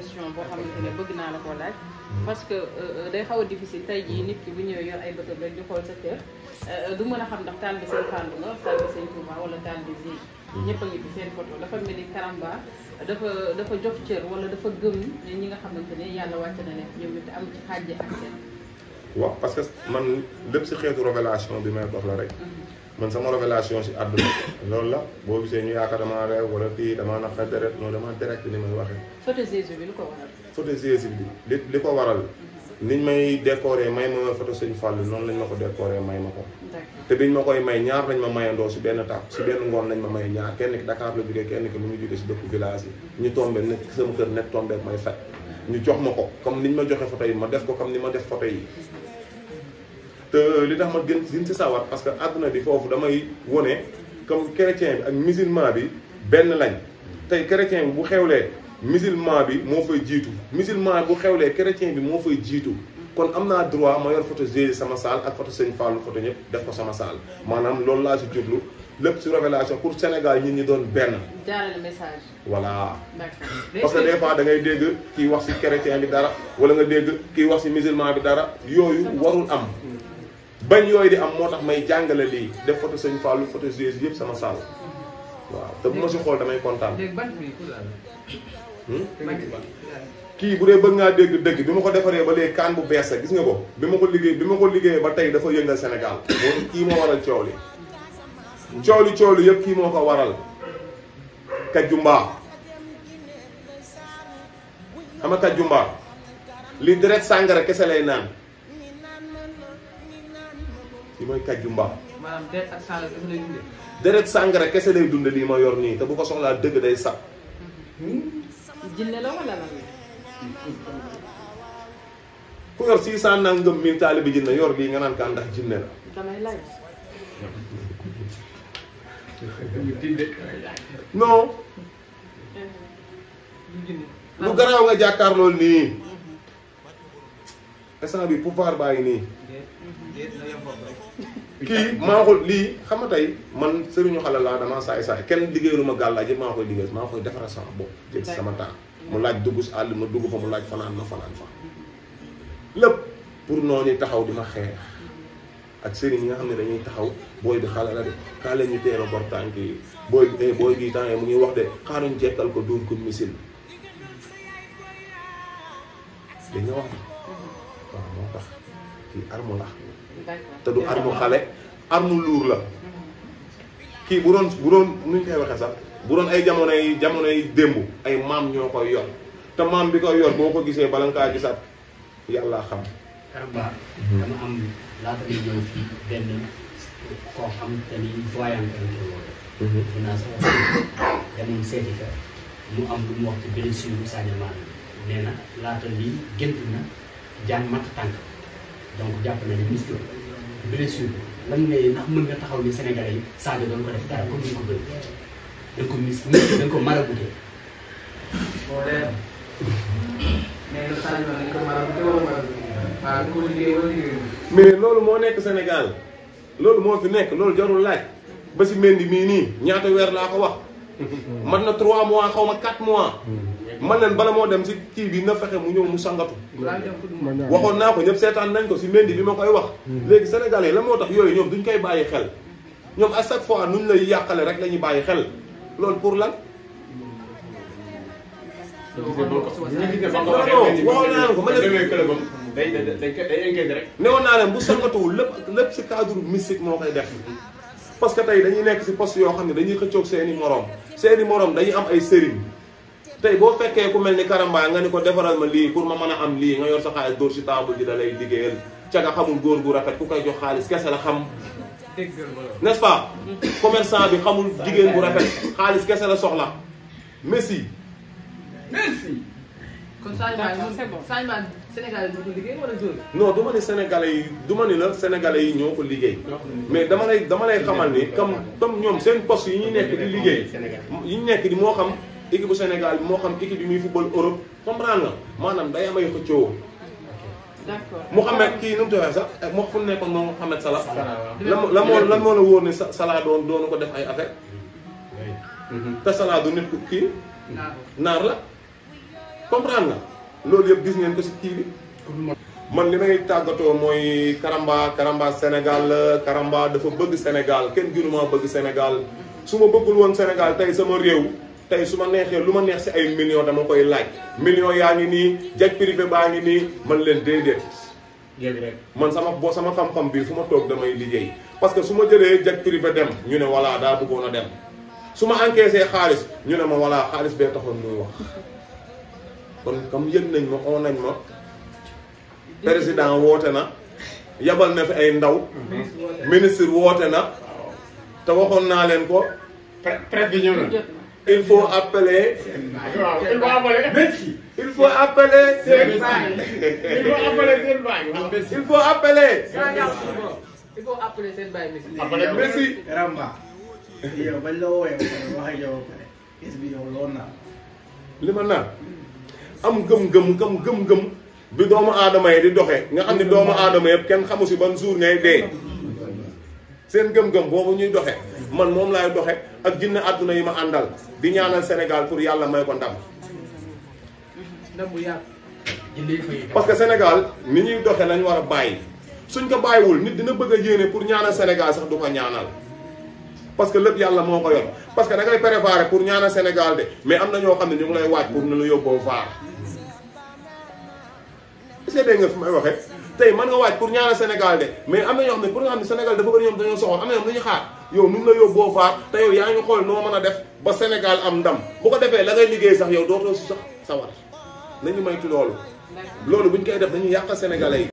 question boo xamante bëgg naa la koo laaj parce que euh, euh, day xaw a difficile tey jii nit ki bu ñëwee yor ay bëtam rek di xool sa kër euh, du mën a xam ndax taal bi seen fàndu nga taal bi seen Touba wala taal bi zi ñëpp ngi fi seen photo dafa karamba dafa dafa jox cër wala dafa gëm ñi nga na ñoom am ci ak wax parce que man lépp si xeetu révélation bi may dox la rek mm-hmm. man sama révélation si àdduna loolu la boo gisee ñu yaakaar damaa reew wala kii damaa naqa deret non dama direct ni may waxee. photo Jésus bi ko waral. bi li li ko waral mm-hmm. niñ may décoré may ma photo Sëñ Fallu noonu lañ ma ko décoré may ma ko. te biñ ma koy may ñaar lañ ma mayandoo si benn tàpp si benn ngoon lañ ma may ñaar kenn ki Dakar la jógee kenn ki mu ngi jógee si dëkku village yi. ñu tombé nekk sama kër nekk tombé ñu jox ma ko comme niñ ma joxe photo yi ma def ko comme ni ma def photo yi te li tax ma gën gën si sawar parce que àdduna bi foofu damay wone comme chrétien bi ak musulman bi benn lañ tey chrétien bi bu xewlee musulman bi moo fay jiitu musulman bu xewlee chrétien bi moo fay jiitu kon am naa droit ma yor photo Jésus sama saal ak photo Sëñ Fallou photo ñëpp def ko sama saal maanaam loolu laa si jublu lépp ci révélation pour Sénégal ñun ñi doon benn. jaarale message. voilà. parce que des fois da ngay dégg kii wax ci chrétien bi dara wala nga dégg kii wax ci musulman bi dara yooyu warul am. bañ yooyu di am moo may jàngale lii def photo sëñ Fallou photo Jésus yëpp sama saal. waaw te bu ma si xool damay kontaan. Hmm? kii bu dee bëgg ngaa dégg dëgg bi ma ko defaree ba léegi kaan bu bees gis nga ko bi ma ko liggéey bi ma ko liggéeyee ba tey dafa yëngal Sénégal. kii moo waral coow li. cooli cooli yëpp kii moo ko waral kajjumbaa ama kajjumbaa li deret sàngara kese lay naan li mooy kajjumbaa maanaam deret ak sàngara kese lay dund lii ma yor nii te bu ko soxlaa dëgg day sab jinne la wala ku yor six cent nangam taalibi jinne yor lii nga naan kaa ndax jinne la non lu garaaw nga jàkkaarloo nii instant bi pouvoir baa ngi nii kii maa ko lii xam nga tey man sëriñu xale laa damaa saay saay kenn liggéeyalu ma gàllaaj maa koy liggéey maa koy defaral sama bopp jël sama temps mu laaj dugg si àll ma dugg fa mu laaj fanaan ma fanaan fa lépp pour noonu taxaw di ma xeex ak sëriñ yi nga xam ne dañuy taxaw booy bi xale la de kaa ñu teel a bor tànk yi booy bi tey booy bi temps mu ngi wax de xaaruñ jekkal ko dóor ko misil dañoo wax waaw moo tax kii arme la te du arme xale arme luur la kii bu doon bu doon nuñ koy waxee sax bu doon ay jamono yi jamono yi démb ay maam ñoo koy yor te maam bi koy yor boo ko gisee bala nga kaa gisaat yàlla xam Karamba. Mhm. dama am laata may ñëw fii benn koo xam te ni voyant lañ koy woowee. dinaa mhm. sax wax demoon seeti ka mu am lu mu wax ci benn suñu Sadio Mané na laata lii gént na jaan matt tànk donc jàpp na ni ministre blessure lan ngay ndax mën nga taxaw ni Sénégalais yi Sadio doon ko def dara comme ni ko bëri dañ ko mis dañ ko marabouté. boo dee mais loolu moo nekk Sénégal loolu moo fi nekk loolu jarul laaj ba si mendi mii nii ñaata weer laa ko wax man na 3 mois xaw ma 4 mois man nan bala moo dem si kii na fexe mu mu sangatu nañ ko si mendi bi ma koy wax léegi Sénégal yi la moo tax yooyu ñoom duñ koy bàyyi xel ñoom à chaque fois nuñ lay rek xel pour lan ko day day day day inquiété rek. newoon naa leen bu sangatuwul lépp lépp si cadre mystique moo koy def. parce que tey dañuy nekk si post yoo xam ne dañuy xëccoog seeni moroom seeni moroom dañuy am ay sëriñ tey boo fekkee ku mel ni karamba nga ni ko defaral ma lii pour ma mën a am lii nga yor sa xaalis dóor si table ji da lay liggéeyal ca nga xamul góor gu rafet ku koy jox xaalis kese la xam. n'est-ce pas. commerçant bi xamul jigéen bu rafet xaalis kese la soxla. merci. merci. kon Sénégal yi liggéey wala non du ma ni sénégalais yi du ma ni la sénégalais yi ñoo ko liggéey. mais dama lay dama lay xamal ni comme comme ñoom seen poste yi ñuy nekk di liggéey. yi ñu nekk di moo xam équipe bu Sénégal moo xam équipe bi muy football Europe comprendre nga maanaam day amay xëccoo. d'accord Mouhamed kii nu mu tooyee sax eh, moo fu nekkoon moom Mouhamed Salah. la moo lan moo la wóor ni Salah doon doonu ko def ay affaire te Salah du nit kii. naar la comprendre nga. loolu yëpp gis ngeen ko si kii bi man li may tàggatoo mooy Karamba Karamba Sénégal Karamba dafa bëgg Sénégal kenn gënu maa bëgg Sénégal su ma bëggul woon Sénégal tey sama réew tey su ma neexee lu ma neex si ay millions dama koy laaj million yaa ngi nii jet privé baa ngi nii man leen déedéet man sama boo sama xam-xam bii fu ma toog damay liggéey parce que su ma jëlee jet privé dem ñu ne voilà daa bëggoon a dem su ma encaissé xaalis ñu ne ma wa xaalis bee taxoon muy kon comme yëg nañ ma oo nañ ma président woote na yabal na fi ay ndaw ministre woote na te waxoon naa leen ko presse bi ñëw na il faut appeler il faut appeler seen baay il faut appeler seen baay il faut appeler il faut appeler naa am gëm-gëm gëm gëm-gëm bi doomu aadama yi di doxe nga am ni doomu aadama yëpp kenn xamu si ban jour ngay dee seen gëm-gëm boobu ñuy doxe man moom laay doxe ak jinne àdduna yi ma àndal di ñaanal Sénégal pour yàlla may ko ndam parce que Sénégal ni ñuy doxe lañ war a bàyyi suñ ko bàyyiwul nit dina bëgg a yéene pour ñaanal Sénégal sax du ko ñaanal parce que lépp yàlla moo ko yor parce que da ngay préparé pour ñaanal Sénégal de mais am na ñoo xam ne ñu ngi lay waaj pour ne la yóbboo faar nga dégg nga fi may waxee tey man nga waaj pour ñaanal Sénégal de mais am na ñoo xam ne pour nga xam ne Sénégal dafa bëri ñoom dañoo soxor am na ñoom dañu xaar yow nu la yóbboo faar te yow yaa ngi xool noo mën a def ba Sénégal am ndam bu ko defee la ngay liggéey sax yow dootoo si sax sawar nañu moytu loolu loolu buñ koy def dañuy yàq sénégalais yi